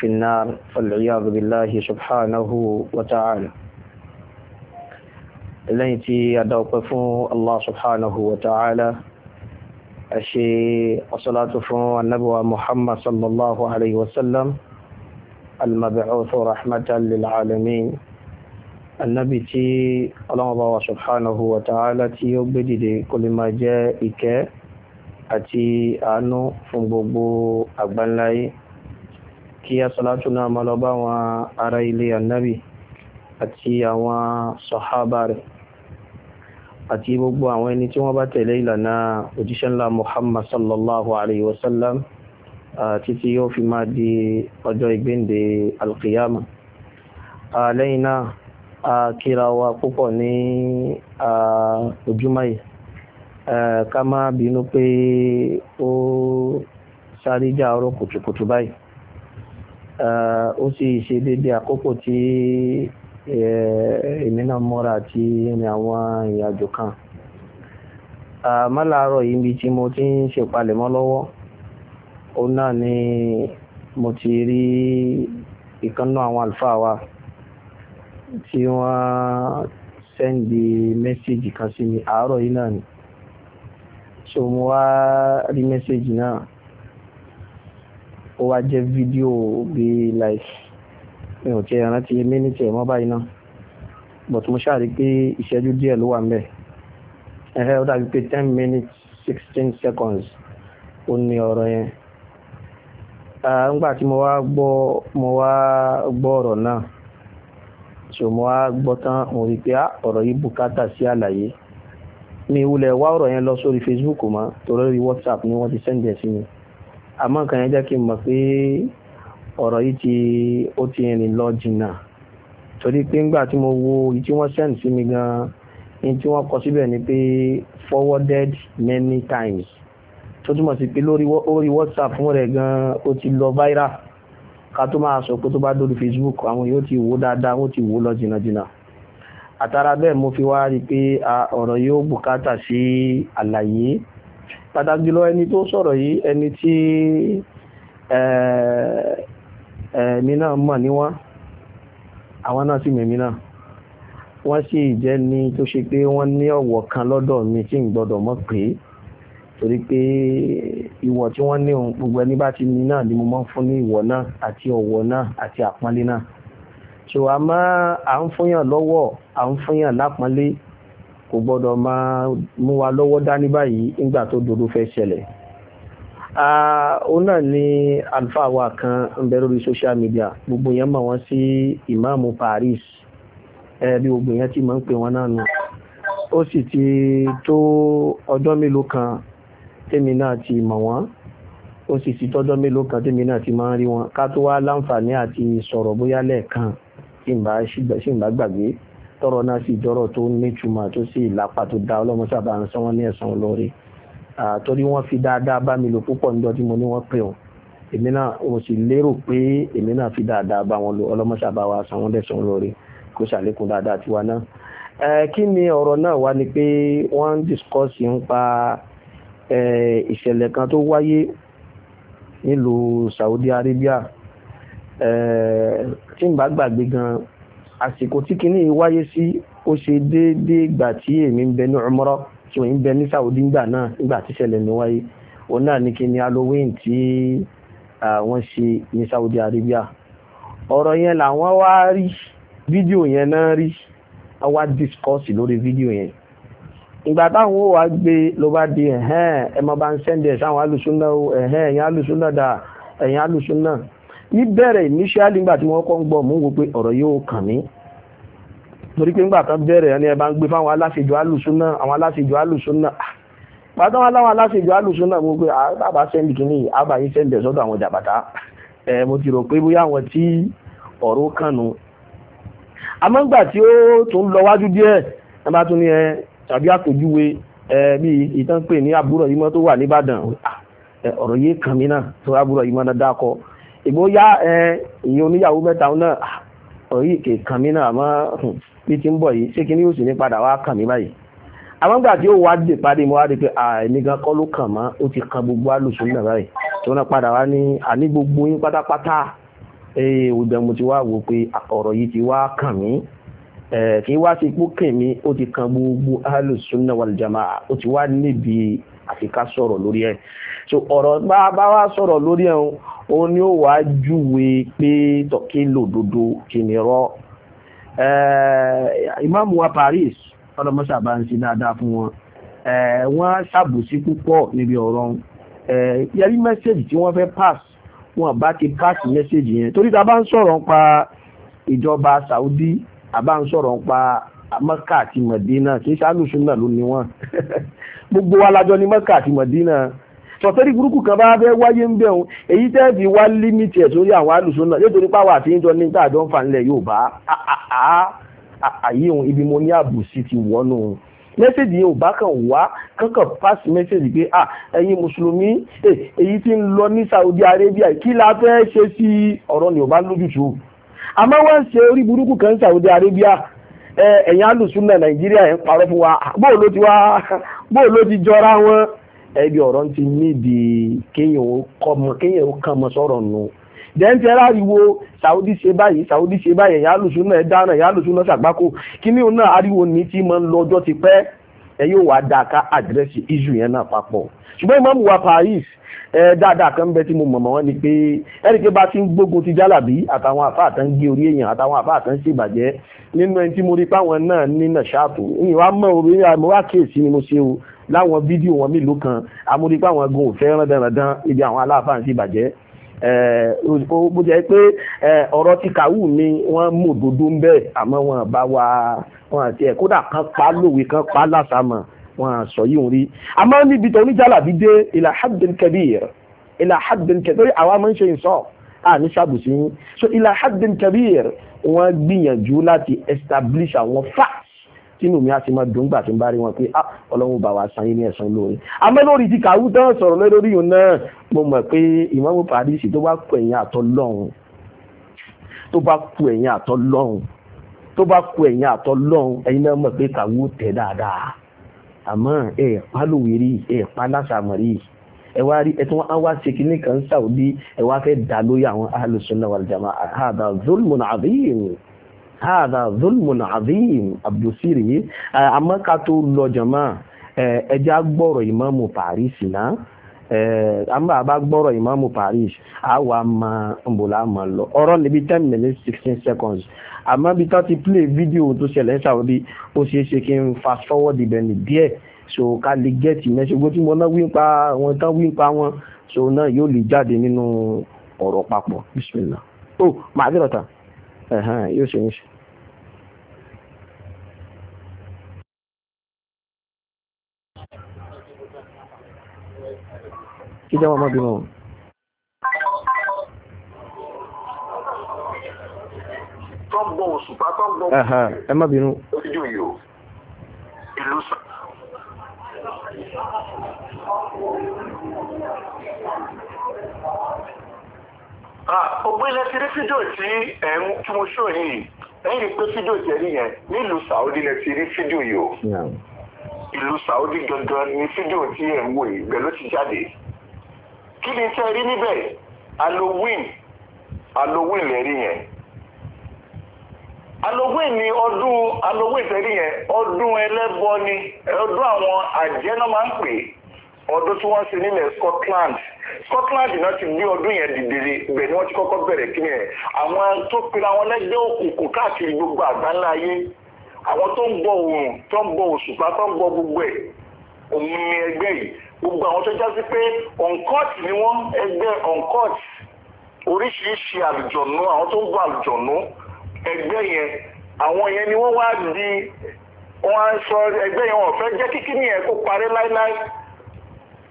في النار والعياذ بالله سبحانه وتعالى lẹ́yìn tí a dá ọpẹ́ fún allah subhanahu wa ta'ala a ṣe ọ̀sọ́látò fún annabuwa muhammad sallallahu alaihi wasallam almabi'utu rahmatan lil alamin annabi tí ọlọ́mọba wa subhanahu wa ta'ala tí ó gbé dìde kó lè máa jẹ́ ìkẹ́ àti àánú fún gbogbo àgbáńláyé kí asalatu náà máa lọ bá àwọn ará ilé ànábì àti àwọn sọ̀hábà rẹ̀ àti gbogbo àwọn ẹni tí wọ́n bá tẹ̀lé ìlànà òjíṣẹ́ ńlá Muhammad sallallahu alayhi wa sallam títí yóò fi máa di ọjọ́ ìgbéǹde alqiyama lẹ́yìn náà kíra wa púpọ̀ ní ojúmọ́ ká má bínú pé ó sáré jà ọ̀rọ̀ kùtùkùtù báyìí ó sì ṣe déédéé àkókò tí èmi náà mọ́ra àti ìrìn àwọn ìrìnàjò kan mọ́láàárọ̀ yìí níbi tí mo ti ń ṣèpalẹ̀mọ́ lọ́wọ́ òun náà ni mo ti rí ìkànnà àwọn àlùfáà wa tí wọ́n sẹ́ndì mẹ́sẹ̀jì kan sí mi àárọ̀ yìí náà ni so mo wá rí mẹ́sẹ̀jì náà ó wá jẹ́ fídíò bí like mi ò tiẹ̀ rántí mínítì ẹ̀ mọ́ báyìí náà but mo ṣáà rí pé ìṣẹ́jú díẹ̀ ló wà ń bẹ̀ ẹ̀hẹ́ ó dàbí pé ten minutes sixteen seconds ó ní ọ̀rọ̀ yẹn nígbà tí mo wá gbọ́ mo wá gbọ́ ọ̀rọ̀ náà so mo wá gbọ́ tán mo rí pé ah, ọ̀rọ̀ yìí bùkátà sí àlàyé mi wulẹ̀ wá ọ̀rọ̀ yẹn lọ sórí Facebook mọ́ torí whatsapp ni wọ́n ti sẹ́ǹdẹ̀ sí mi àmọ́ nǹkan yẹn jẹ́ kí n mọ̀ pé ọ̀rọ̀ yìí ti ó ti rìn lọ jìnnà torí pé ńgbà tí mo wo èyí tí wọ́n send sí mi gan-an tí wọ́n kọ síbẹ̀ ni pé forwarded many times tó túmọ̀ sí pé lórí whatsapp fún rẹ̀ gan-an ó ti lọ viral ká tó máa sọ pé tó bá dórí facebook àwọn yóò ti wò dáadáa wọ́n ti wò lọ jìnnà jìnnà àtàrà bẹ́ẹ̀ mo fi wá rí i pé ọ̀rọ̀ yóò bùkátà sí àlàyé pàtàkì jùlọ ẹni tó sọ̀rọ̀ yìí ẹni tí ẹ̀ẹ̀mí náà mọ̀ ní wọ́n àwọn náà sì mẹ̀mí náà wọ́n sì jẹ́ ní tó ṣe pé wọ́n ní ọ̀wọ̀ kan lọ́dọ̀ mi tí ń gbọ́dọ̀ mọ̀ pé torí pé ìwọ̀ tí wọ́n ní gbogbo ẹni bá ti ní náà ni mo máa ń fún ní ìwọ̀ náà àti ọ̀wọ̀ náà àti àpọ́nlé náà so àmọ́ à ń fúnyàn lọ́wọ́ à ń fúnyàn lápọ́nlé kò gbọ́dọ̀ máa mú wa lọ́wọ́ dání báyìí nígbà tó dodo fẹ́ ṣẹlẹ̀ òun náà ni alfa wa kan ń bẹ lórí social media gbogbo yẹn mọ̀ wọ́n sí ìmáàmù Paris bí gbogbo yẹn ti máa ń pè wọ́n náà nù ó sì ti tó ọjọ́ mélòó kan tèmi náà ti mọ̀ wọ́n ó sì ti tọ́jọ́ mélòó kan tèmi náà ti máa ń rí wọn ká tó wá láǹfààní àti sọ̀rọ̀ bóyá lẹ́ẹ̀kan tí n bá gbàgbé tọrọ náà sì jọrọ tó nítumọ̀ tó sì lápá tó dá ọlọ́mọ sábà ń sanwó ní ẹ̀sán olóore torí wọ́n fi dáadáa bá mi lò púpọ̀ níjọ́ tí mo ní wọ́n pè ọ́ èmi náà mo sì lérò pé èmi náà fi dáadáa bá wọn lò ọlọ́mọ sábà wa sanwó lẹ́sán olóore kó ṣàlékún dáadáa tiwa náà. kí ni ọ̀rọ̀ náà wá ni pé wọ́n ń discourse ń ìṣẹ̀lẹ̀ kan tó wáyé nílùú Saudi Arabia tí n bá gbàgbé gan-an àsìkò tí kìíní wáyé sí ó ṣe déédéé ìgbà tí èmi ń bẹ ní ọmọrọ tí òun ń bẹ ní Saudi ńgbà náà nígbà tí ìṣẹ̀lẹ̀ mi wáyé òun náà ní kìíní Halloween tí wọ́n ṣe ní Saudi Arabia ọ̀rọ̀ yẹn làwọn wá rí fídíò yẹn náà rí wá discourse lórí fídíò yẹn ìgbà táwọn ò wá gbé ló bá di ẹ̀hẹ́n ẹ̀ mọ́ bá ń sẹ́ndẹ̀ sáwọn alùsùn náà ẹ̀hẹ́n ẹ̀yìn alùsùn náà dà ẹ̀yìn alùsùn náà níbẹ̀rẹ̀ initially nígbà tí wọ́n kọ́ ń gbọ́ mú wo pé ọ̀rọ̀ yóò kàn mí torí pé nígbà tán bẹ̀rẹ̀ ẹni ẹ bá ń gbé fáwọn aláṣejù alùsùnà àwọn aláṣejù alùsùnà pàtàkì aláwọn aláṣejù alùsùnà mo pé àbá ah, sẹ́ndì kìíní àbá yín sẹ́ndì sọ́dọ̀ àwọn jàbàtà ẹ mo ti rò pé bóyá àwọn tí ọ̀rọ̀ kànú àmọ́ nígbà tí ó tún lọ wájú díẹ̀ ẹ bá tún ní ẹ tàbí àpèjúwe ẹ bí ìtàn pè ní àbúrò yìí mọ́ tó wà níbàdàn ah, ọ̀rọ̀ yìí kàn mí náà tó àbúrò yìí mọ́ dáadáa kọ́ ìgbóyá ìyẹn oníyàwó mẹ́ta náà orí ìkè kàn mí náà àmọ́ bí ti ń bọ̀ yìí ṣé kí ni yóò sì ní padà wá kàn mí tí ó wá mo wá rí pé àìní gan kọ́ ló kàn mọ́ ó ti kan gbogbo alùsùn náà báyìí tí wọ́n padà wá ní àní gbogbo yín pátápátá ìbẹ̀rù mo ti wá wò pé ọ̀rọ̀ yìí ti wá kàn Eh, kì í wá sí ipò kèmí ó ti kan gbogbo alùsùnà wàlìjàmà ó ti wá níbi àfikà sọ̀rọ̀ lórí ẹ̀ so ọ̀rọ̀ bá bá wá sọ̀rọ̀ lórí ẹ̀ ó ní ó wàá júwe pé kí lòdodo kí ni rọ́ eh, wa Paris ọlọmọṣà bá ń ṣe dáadáa fún wọn eh, wọ́n ṣàbòsí púpọ̀ níbi ọ̀rọ̀ yẹrí mẹ́sẹ̀gì tí wọ́n fẹ́ pass wọn bá ti pass mẹ́sẹ̀gì yẹn torí ta bá ń sọ̀rọ̀ pa ìjọba Saudi àbá ń sọ̀rọ̀ ń pa mọ́kà àti mọ̀dínà kì í ṣàlùsùn náà ló ní wọn gbogbo wa lájọ ní mọ́kà àti mọ̀dínà sọ̀tẹ́rì burúkú kan bá fẹ́ wáyé ń bẹ̀rùn èyí tẹ́ fi wá límìtì ẹ̀ sórí àwọn alùsùn náà nítorí páwà àti ìjọ ní tààjọ ń fa nílẹ̀ yóò bá àyè òun ibi mo ní àbùsí ti wọ́nù mẹ́sẹ̀jì yẹn bá kàn wá kankan pass mẹ́sẹ̀jì pé à ẹ̀yin mùsùlùmí èyí tí ń lọ ní Saudi Arabia kí la fẹ́ ṣe sí ọ̀rọ̀ ni ò bá lójútùú àmọ́ wọ́n ń ṣe orí burúkú kan Saudi Arabia ẹ̀yìn alùsùnà Nàìjíríà ẹ̀ ń parọ́ fún wa bóò ló ti wá bóò ló ti jọra wọn ẹbí ọ̀rọ̀ ti níbi kéèyàn ó kàn mọ́ sọ̀rọ̀ nù dẹ́ntẹ́ láriwo Saudi ṣe báyìí Saudi ṣe báyìí ẹ̀yìn alùsùnà ẹ̀ dáná ẹ̀yìn alùsùnà ṣàgbákò kíní òun náà ariwo ní tí mo ń lọ ọjọ́ ti pẹ́ ẹ yóò wá dáa ká àdírẹ́sì issue yẹn náà papọ̀ ṣùgbọ́n ìmọ̀mù wa Paris ẹ dáadáa kan bẹ tí mo mọ̀mọ́ wọn ni pé ẹnìkan bá ti ń gbógun ti jálàbí àtàwọn àfáà tán gé orí èèyàn àtàwọn àfáà tán ṣèbàjẹ́ nínú ẹni tí mo rí páwọn náà ní nàṣàtò ìyìn wa mọ̀ orí àmọ́ wá kíyèsí ni mo ṣe o láwọn fídíò wọn mélòó kan àmúrí páwọn gan ò fẹ́ rán dandan ibi àwọn aláàfáà ń ṣèbàjẹ́ Eh, bó jẹ́ pé eh, ọ̀rọ̀ ti kàwù mi wọ́n mú òdodo ń bẹ̀ àmọ́ wọn bá wa wọn àti ẹ̀ kódà kan pa lówe kan pa lásàmọ̀ wọn sọ yìí ń rí àmọ́ níbi tó oníjàlá bí dé ìlà hadden kabir ìlà hadden kabir àwa máa ń ṣe ìsọ àní ṣàbùsí so ìlà hadden kabir wọ́n gbìyànjú láti establish àwọn facts tínú mi á ti máa dùn gbà tí ń bá rí wọn pé ah ọlọ́run bá wa san yín ní ẹ̀san lóore àmọ́ lórí ti kàwú tán sọ̀rọ̀ lórí yìí náà mo mọ̀ pé ìmọ̀mù paris tó bá kù ẹ̀yìn àtọ́ lọ́hùn tó bá kù ẹ̀yìn àtọ́ lọ́hùn tó bá kù ẹ̀yìn àtọ́ lọ́hùn ẹ̀yin náà mọ̀ pé kàwú tẹ̀ dáadáa àmọ́ ẹ̀ pálòwérí ẹ̀ pálásàmọ̀rí ẹ wá rí ẹtún á wá ṣe kínní kan Saudi ẹ wá fẹ́ dá lórí àwọn ahlus sunnah wal jamaa'ah hada zulmun hàdà zulmun azim abdulsiri yìí àmọ́ ká tó lọ jọ̀mọ́ ẹja gbọ́rọ̀ ìmáàmù Paris náà àmọ́ àbá gbọ́rọ̀ ìmáàmù Paris àwa ma ń bò láàmà lọ ọ̀rọ̀ níbi ten minutes sixteen seconds àmọ́ bí tán ti play fídíò tó ṣẹlẹ̀ sàwọ́dí ó ṣeé ṣe kí n fast forward ibẹ̀ ní díẹ̀ so ká lè gẹ́ẹ̀tì mẹ́ṣogbó tí mo náà wípa wọn tán wípa wọn so náà yóò lè jáde nínú ọ̀rọ̀ papọ̀ bismillah oh màdìrọ̀tà ẹ̀hán yóò ṣe níṣẹ́. kí jẹ́ wọn mọ́ bímọ. tọ́gbọ̀n òṣùpá tọ́gbọ̀n. Thank you ògbélẹ̀ ti rí fídíò tí ẹ̀ ń tí mo ṣó yìí lẹ́yìn pé fídíò tẹ̀ nìyẹn nílùú Saudi lẹ ti rí fídíò yìí o ìlú Saudi gangan ni fídíò tí ẹ̀ ń wò yìí bẹ́ẹ̀ ló ti jáde kí ni tẹ́ rí níbẹ̀ halloween halloween lẹ rí yẹn halloween ni ọdún halloween tẹ́ rí yẹn ọdún ẹlẹ́bọ ni ọdún àwọn àjẹ́ náà máa ń pè ọdún tí wọ́n ṣe nílẹ̀ Scotland. Scotland náà ti gbé ọdún yẹn dìde ibẹ̀ ni wọ́n ti kọ́kọ́ bẹ̀rẹ̀ kí ni ẹ̀ àwọn tó pera wọn lẹ́gbẹ́ òkùnkùn káàkiri gbogbo àgbáńlá ayé àwọn tó ń bọ oòrùn tó ń bọ òṣùpá tó ń bọ gbogbo ẹ̀ òun ni ẹgbẹ́ yìí gbogbo àwọn tó jásí pé uncut ni wọ́n ẹgbẹ́ uncut oríṣiríṣi àlùjọ̀nú àwọn tó ń bọ àlùjọ̀nú ẹgbẹ́ yẹn àwọn yẹn ni wọ́n wá di wọ́n á sọ ẹgbẹ́ yẹn wọ́n fẹ́ jẹ́ kíkí ní ẹ̀ kó parí láíláí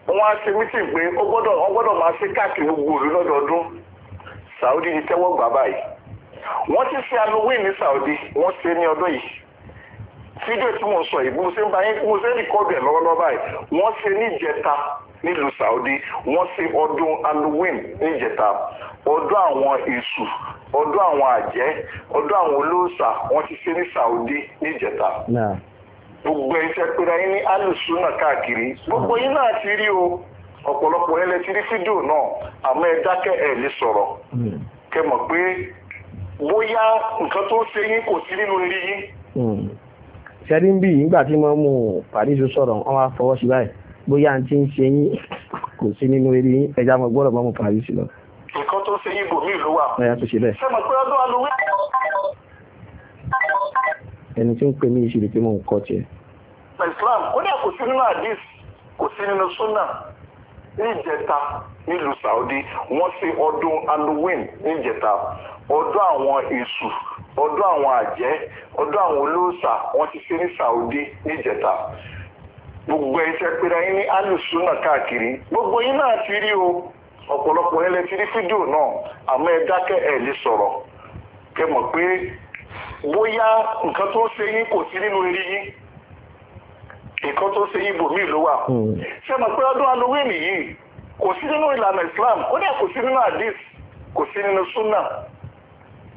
wọ́n á ṣe mítìn pé ó gbọ́dọ̀ wọ́n máa ṣe káàkiri gbogbo òru lọ́dọọdún Saudi ní tẹ́wọ́ gbà báyìí wọ́n ti ṣe halloween ní Saudi wọ́n ṣe ní ọdún yìí fídíò tí mo sọ yìí mo ṣe ń bá yín mo ṣe ń ẹ̀ lọ́wọ́lọ́wọ́ báyìí wọ́n ṣe ní Saudi wọ́n ṣe ọdún halloween níjẹta àwọn èṣù ọdún àwọn àjẹ́ ọdún gbogbo iṣẹ́ pera yín ní alùsùnà káàkiri gbogbo yín náà ti rí o ọ̀pọ̀lọpọ̀ ẹ lẹ ti rí fídíò náà àmọ́ ẹ dákẹ́ ẹ lè sọ̀rọ̀ hmm. kẹ mọ̀ pé bóyá nǹkan tó ń ṣe yín kò sí nínú eré yín. sẹ́rí hmm. ń bì nígbà tí mo mú Paris sọ̀rọ̀ wọ́n wá fọwọ́ sí báyìí bóyá n ti ń ṣe yín kò sí nínú eré yín ẹja mo gbọ́dọ̀ mọ́ mu Paris lọ. nǹkan tó ń ṣe yín bòmí ìlú wa. ẹ yà tó ọdún alówó ẹni tí ń pè ní ìṣirò tí mò ń Islam kódà a sí nínú hadith kò sí nínú sunna ní nílùú Saudi wọ́n ṣe ọdún Halloween n'ijeta, ọdún àwọn èṣù ọdún àwọn àjẹ́ ọdún àwọn olóòṣà wọ́n ti ṣe ní Saudi n'ijeta? gbogbo ẹ̀ṣẹ̀ pera yín alùsùnà káàkiri gbogbo yín náà ti rí o ọ̀pọ̀lọpọ̀ yín ti fídíò náà àmọ́ ẹ dákẹ́ bóyá nǹkan tó ṣe yín kò sí nínú eré yín nǹkan tó ṣe yín bòmí ló wà hmm. ṣe mọ̀ pé ọdún halloween yìí kò sí nínú ìlànà islam kódà kò sí nínú hadith kò sí nínú sunnah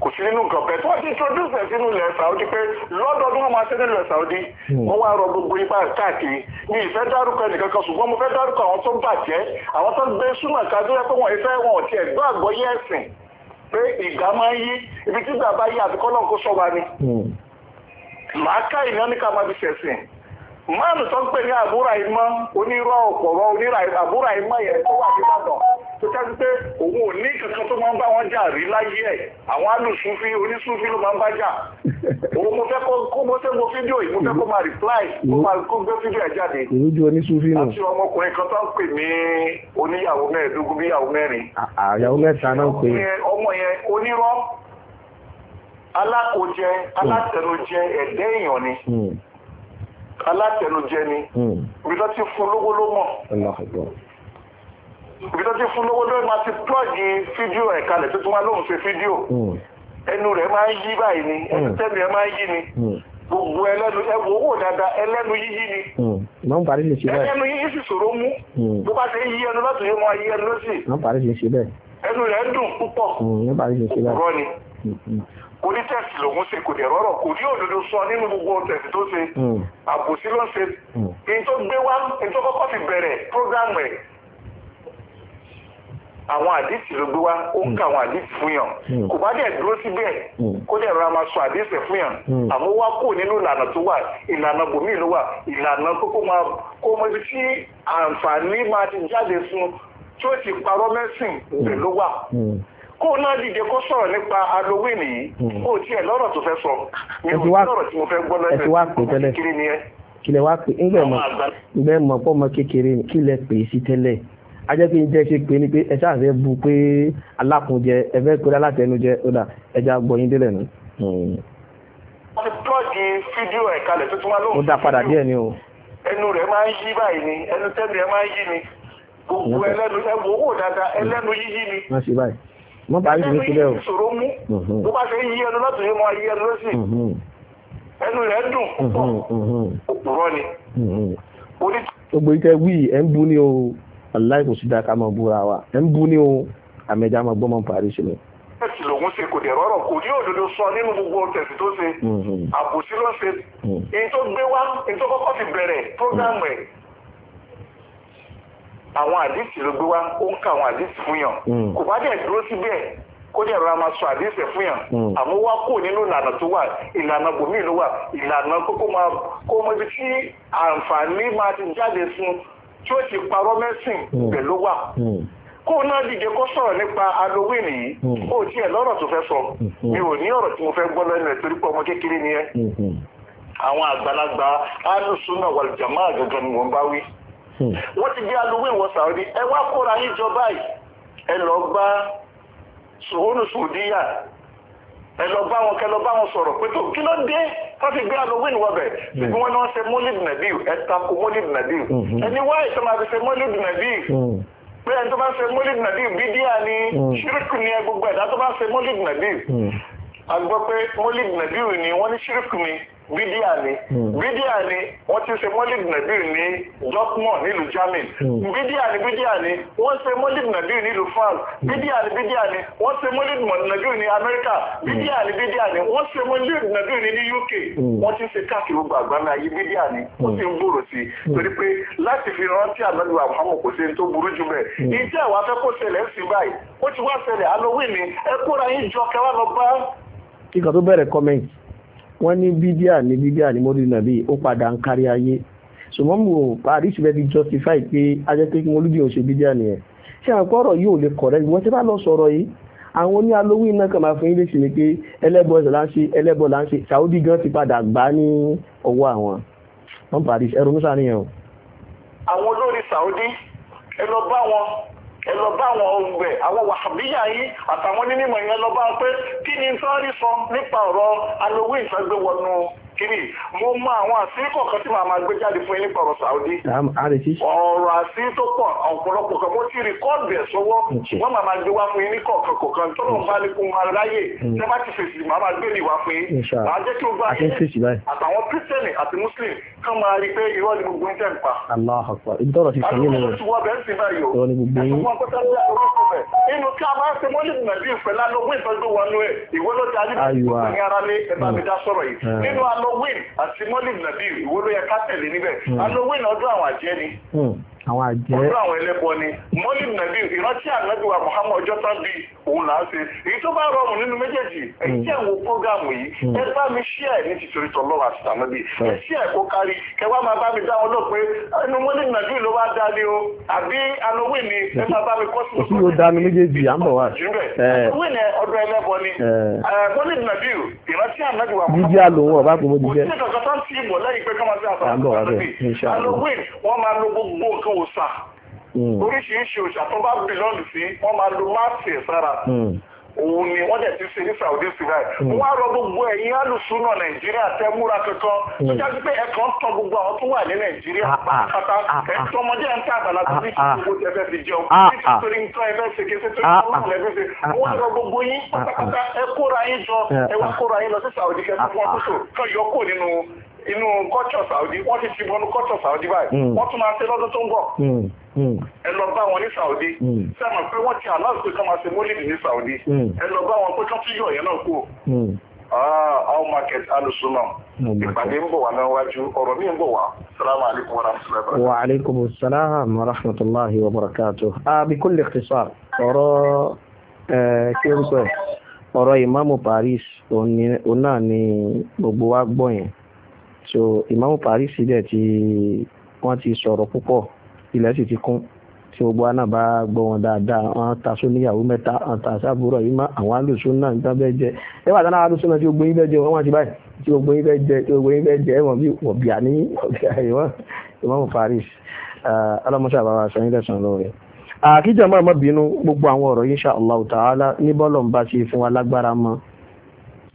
kò sí nínú nǹkan bẹ́ẹ̀ tí wọ́n ti introduce ẹ̀ sínú ilẹ̀ Saudi pé lọ́dọọdún wọn máa ṣe Saudi wọ́n hmm. wá rọ gbogbo ipa káàkiri ní ìfẹ́ dárúkọ ẹnìkan kan ṣùgbọ́n mo fẹ́ dárúkọ àwọn tó bàjẹ́ àwọn tó gbé súnmọ̀ kájú pé wọ́n ìfẹ́ wọn ò tiẹ̀ gbọ́ àgbọ́yé pé ìgbà máa ń yí ibi tí bàbá yí àbíkọ́lọ́ kó sọ ni hmm. màá ká ìnáníkà máa fi ṣẹ̀sìn máàlù tó ń pè ní abura ìmọ́ onírọ̀ ọ̀pọ̀rọ̀ onírà àbúrà ìmọ́ yẹn tó wà nìbàdàn tó to pé òun ò ní kankan tó máa ń bá wọn jà rí láyé ẹ̀ àwọn alùsùnfí onísùnfí ló máa ń bá jà òun mo fẹ́ kó mo fẹ́ mo mo fẹ́ kó máa reply kó máa kó gbé fídíò ẹ̀ jáde. ìrújú ni. Hmm. alátẹnujẹ ni hmm. ibi tó ti fún lówó ló mọ̀ ibi tó ti fún lówó ló máa ti tọ́jú fídíò ẹ̀ kalẹ̀ tó tún wá lóhùn ṣe fídíò hmm. ẹnu rẹ̀ máa ń yí báyìí ni hmm. ẹnu tẹ́nu rẹ̀ máa ń yí ni gbogbo ẹlẹ́nu ẹwọ owó dada ẹlẹ́nu yíyí ni ẹlẹ́nu yíyí sì ṣòro mú bó bá ṣe yí ẹnu lọ́tún yóò máa yí ẹnu lọ́sì ẹnu rẹ̀ dùn púpọ̀ rọ́ ni. kò ní tẹ̀sí lòun ṣe kò dẹ̀ rọ́rọ̀ kò ní òdodo sọ nínú gbogbo tẹ̀sí tó ṣe hmm. àbòsí ló ń ṣe èyí hmm. gbé wá èyí kọ́kọ́ fi bẹ̀rẹ̀ prógrámù ẹ̀ àwọn àdìsí ló gbé wá ó ń hmm. ka àwọn àdìsí fún yàn kò bá dẹ̀ dúró síbẹ̀ kó dẹ̀ rọra máa sọ àdìsí fún yàn àmọ́ wá kò nínú ìlànà tó wà ìlànà bòmíì ló wà ìlànà kókó máa kó mọ ibi tí àǹfààní máa ti jáde fún tí ó ti parọ́ mẹ́sìn rẹ̀ ló wà. kó náà dìde kó sọ̀rọ̀ nípa halloween yìí kó hmm. tiẹ̀ lọ́rọ̀ tó fẹ́ sọ mi ò lọ́rọ̀ tí mo fẹ́ gbọ́ lẹ́sẹ̀ wá ńgbẹ́ mọ̀ ńgbẹ́ mọ̀ kékeré kílẹ̀ pè é sí tẹ́lẹ̀ ajẹ́ jẹ́ ṣe pé ni pé ẹ ṣáà fẹ́ bu pé alákùnjẹ ẹ fẹ́ pé ẹja délẹ̀ o. ẹnu máa ń yí báyìí ni ẹnu máa ń yí ni gbogbo ẹlẹ́nu dáadáa ẹlẹ́nu ni. mọ́ bá rí ìpínlẹ̀ o. ìṣòro mú mhm. bó bá ṣe yí ẹnu lọ́tún yóò mọ yí ẹnu lọ́sì mhm. ẹnu rẹ̀ dùn mhm, òpùrọ̀ ni. gbogbo ìtẹ́ wí ẹ̀ ń bú ní o aláì kò sí dáa ká máa búra wa ẹ̀ ń bú ní o àmẹ́jà máa gbọ́ máa parí sílẹ̀. ẹ̀sìn lòun ṣe kò dẹ̀ rọ́rọ̀ kò ní òdodo sọ nínú gbogbo ọ̀tẹ̀sì tó ṣe àbòsí ló èyí tó gbé wá èyí tó kọ́kọ́ fi bẹ̀rẹ̀ àwọn àdìsí ló gbé wá ó ń ka àwọn àdìsí fún yàn hmm. kò bá dẹ̀ dúró síbẹ̀ kó dẹ̀ rọra máa sọ àdìsí fún yàn hmm. àmọ́ wá kó nínú ìlànà tó wà ìlànà bòmíì ló wà ìlànà kókó máa kó mọ ibi tí àǹfààní máa ti jáde fún tí ó ti parọ́ mẹ́sìn hmm. bẹ̀ ló wà kó náà dìde kó sọ̀rọ̀ nípa halloween yìí ó tiẹ̀ lọ́rọ̀ tó fẹ́ sọ mi ò ní ọ̀rọ̀ tí mo fẹ́ gbọ́ lẹ́nu ẹ̀ torí pé ọmọ kékeré ni ẹ àwọn àgbàlagbà alùsùn náà wà jàmáà gẹ́gẹ́ ni wọ́n bá wí. Hmm. wọ́n ti jẹ́ halloween wọ sàrí ẹ wá kóra yín jọ báyìí ẹ lọ bá sùhónù sùdíyà ẹ lọ bá wọn kẹ lọ bá wọn sọ̀rọ̀ pé tó kí ló dé wọ́n ti gbé halloween wọbẹ̀ ṣùgbọ́n hmm. wọn ni wọ́n ṣe mólid nàbíù ẹ tako mólid nàbíù hmm. ẹni wáyé tó máa fi ṣe mólid nàbíù pé ẹni tó bá ṣe mólid bídíà ni ṣírìkù ni ẹ gbogbo ẹ̀dá tó bá ṣe mólid nàbíù a gbọ́ pé mólid nàbíù ni wọ́n ní ṣírìkù ni bídíà ni bídíà hmm. ni wọ́n ti ṣe mọ́lìdì ní dortmund nílùú germany bídíà hmm. ni ni wọ́n ṣe nílùú france hmm. ni ni wọ́n ṣe ní america bídíà ni bídíà ni wọ́n ṣe mọ́lìdì ní uk wọ́n ti ṣe káàkiri gbogbo àgbáńlá ayé bídíà ni ti ń gbòòrò sí i pé láti fi rántí kò wọ́n ní bídíà ní bídíà ní mọ́lúdì nàbí ó padà ń kárí ayé ṣùgbọ́n mo paris fẹ́ ti justify pé ajẹ́ pé mọ́lúdì ò ṣe bídíà nìyẹn ṣé àwọn pọ́rọ̀ yóò lè correct wọ́n ti bá lọ sọ̀rọ̀ yìí àwọn oní alówó iná kan máa fún yín léṣe ni pé ẹlẹ́bọ ẹ̀sẹ̀ láńṣe ẹlẹ́bọ láńṣe Saudi gan ti padà gbá ní ọwọ́ àwọn wọ́n paris ẹrù musa nìyẹn o. àwọn olórí Saudi ẹ lọ bá wọn ẹ lọ bá àwọn ọgbẹ̀ àwọn wàhábíyà yìí àtàwọn onímọ̀ yẹn lọ bá pé kí ni sọ́ọ́rí sọ nípa ọ̀rọ̀ halloween fẹ́ gbé wọnú kiri mo mọ àwọn àṣírí kọ̀ọ̀kan tí màá máa gbé jáde fún yín nípa ọ̀rọ̀ Saudi. ọ̀rọ̀ àṣírí tó pọ̀ ọ̀pọ̀lọpọ̀ kan mo ti rìkọ́ọ̀dù ẹ̀ sọ́wọ́ wọ́n máa máa gbé wá fún yín ní kọ̀ọ̀kan kọ̀ọ̀kan tó lóun bá lè kó máa ráyè mm. tẹ́ bá ti fèsì màá máa gbé lè wá fún yín. màá jẹ́ kí o bá yín àtàwọn kírísítẹ́nì àti mùsùlùmí kán máa rí pé irọ́ ni gbogbo ń tẹ̀ ń pa. aláhàpá ibi tọrọ ti sàn yín nìyẹn. àti wọn bẹ ń o. ìrọ̀ ni gbogbo yín. àti wọn pẹ́ sẹ́yìn orúkọ bẹ̀. inú ká máa ń ṣe mọ́lẹ̀ nàbí ìfẹ́ lánàá owó ìtọ́jú wọnú halloween àti mọ́lìm nàbí ìwúrò yẹ ká tẹ̀lé níbẹ̀ hmm. halloween ọdún àwọn àjẹ́ ni. Hmm àwọn àjẹ́. ọdún àwọn ẹlẹ́bọ ni mọ́lì nàbí ìrántí ànábì wa Muhammad ọjọ́ tán bíi òun là á ṣe èyí tó bá rọrùn nínú méjèèjì èyí tí àwọn prógámù yìí hmm. ẹ bá mi ṣí hmm. ẹ ní títorí tọlọ́wọ́ àti tànábì ẹ ṣí ẹ kó kárí kẹ wá máa bá mi dá wọn lọ pé ẹnu mọ́lì nàbí ló wá dá lé o àbí anowó ni ẹ máa bá mi kọ́ sí. òsì yóò dá mi méjèèjì à ń bọ̀ wá. Eh. ọdún ẹlẹ́bọ ni eh. Eh, mọ́lì nàbí ìrántí ànábì wa Muhammad òòṣà hmm. oríṣiríṣi òòṣà tó bá bìlọ́ọ̀lù sí wọ́n máa lo máàpù ẹ̀ òun ni wọ́n dẹ̀ ti ṣe ní Saudi Sudan hmm. wọ́n á rọ gbogbo ẹ̀yin alùsùnà Nàìjíríà tẹ́ múra kankan tó hmm. jáde pé ẹ̀kan tán gbogbo àwọn tó wà ní Nàìjíríà ah, ah, pátá ah, ẹ̀tọ́mọdé ẹ̀ ń tà àgbàlagbà bí kí gbogbo tẹ fẹ́ fi jẹun bí kí torí ń tán ẹ fẹ́ ṣe kéṣe torí ń tán ẹ fẹ́ ṣe wọ́n rọ gbogbo yín pátápátá ẹ kóra yín jọ eh, ẹ wá kóra yín lọ sí Saudi kẹsàn-án fún ọkùnso kan yọ kó nínú inú kọ́tọ̀ Saudi wọ́n ti ti bọnu kọ́tọ̀ Saudi báyìí hmm. wọ́n tún máa ń ṣe lọ́dún tó ń bọ̀ Hmm. ẹ lọ bá wọn ní Saudi sẹ́mà hmm. pé wọ́n ti àlá òpin kan máa ṣe mólìdì ní Saudi hmm. ẹ lọ bá wọn pé kán tún yọ ìyẹn náà kú ah, all market alusuna ìpàdé ń bọ̀ wá níwájú ọ̀rọ̀ mi ń bọ̀ wá salamu alaykum wa rahmatulahi wa barakatuh. wa alaykum salaam wa rahmatulahi wa barakatuh. abi ah, kulli ikhtisar ọ̀rọ̀ eh, kí ló ń pẹ́ ọ̀rọ̀ ìmáàmù Paris òun náà ni gbogbo wa gbọ́ yẹn so ìmáàmù Paris dẹ̀ ti wọ́n ti sọ̀rọ̀ púpọ̀ ilẹ̀ sì ti kún tí gbogbo àná bá gbọ́ wọn dáadáa wọn ta sún níyàwó mẹ́ta wọn ta sábúrò yìí má àwọn alùsùn náà níta bẹ́ẹ̀ jẹ ẹ wà tán alùsùn náà tí gbogbo yín fẹ́ jẹ wọn wá ti báyìí tí gbogbo yín fẹ́ jẹ tí gbogbo yín fẹ́ jẹ ẹ̀wọ̀n bí wọ̀bìà ní ìwọ̀n ìwọ̀n Paris alámọ́sá àbáwá sọ yín lẹ́sàn-án lọ́wọ́ rẹ̀ àkíjà máa má bínú gbogbo àwọn ọ̀rọ̀ insha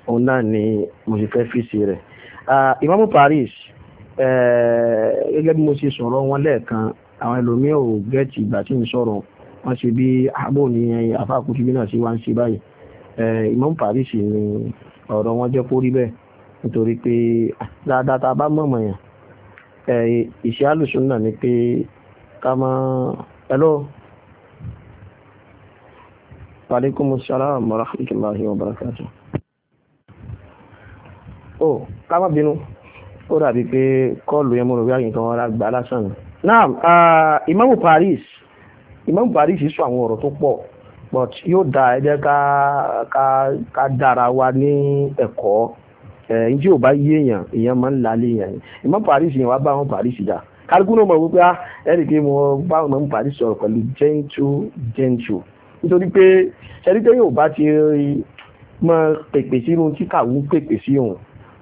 Allah ni mo sì fẹ́ fèsì rẹ̀ Paris gẹ́gẹ́ bí mo ṣe sọ̀rọ̀ wọn lẹ́ẹ̀kan àwọn ẹlòmíì ò gẹ́ẹ̀tì ìgbà tí ń sọ̀rọ̀ wọ́n ṣe bí àbò ní afáàkútù bí náà ṣe wá ń ṣe báyìí Imam Paris ni ọ̀rọ̀ wọn jẹ́ kó rí bẹ́ẹ̀ nítorí pé dáadáa tá a bá mọ̀mọ̀ yàn iṣẹ́ alùsùn náà ni pé ká mọ́ hello Wàlékún Sàlámù Rahmatullahi wa Barakatuh. Ó, oh, ká má bínú, ó dàbí pé kọ́ọ̀lù yẹn mú rò bí àyíkan wọn gbà lásán ni naam ah, imamu paris imamu paris sọ àwọn ọ̀rọ̀ tó pọ̀ but yóò da ẹ jẹ́ ká ká ká dára wa ní ẹ̀kọ́ ẹ̀ eh, njẹ́ ò bá yé èèyàn èèyàn imamu paris yẹn wàá bá àwọn paris dà kálukú náà mọ̀ wípé ah, ẹ̀rì pé mo bá àwọn imamu paris sọ̀rọ̀ pẹ̀lú gentle gentle nítorí pé ṣẹ́ni tẹ́yìn ò bá ti máa pèpè sínú kíkàwé pèpè sí òun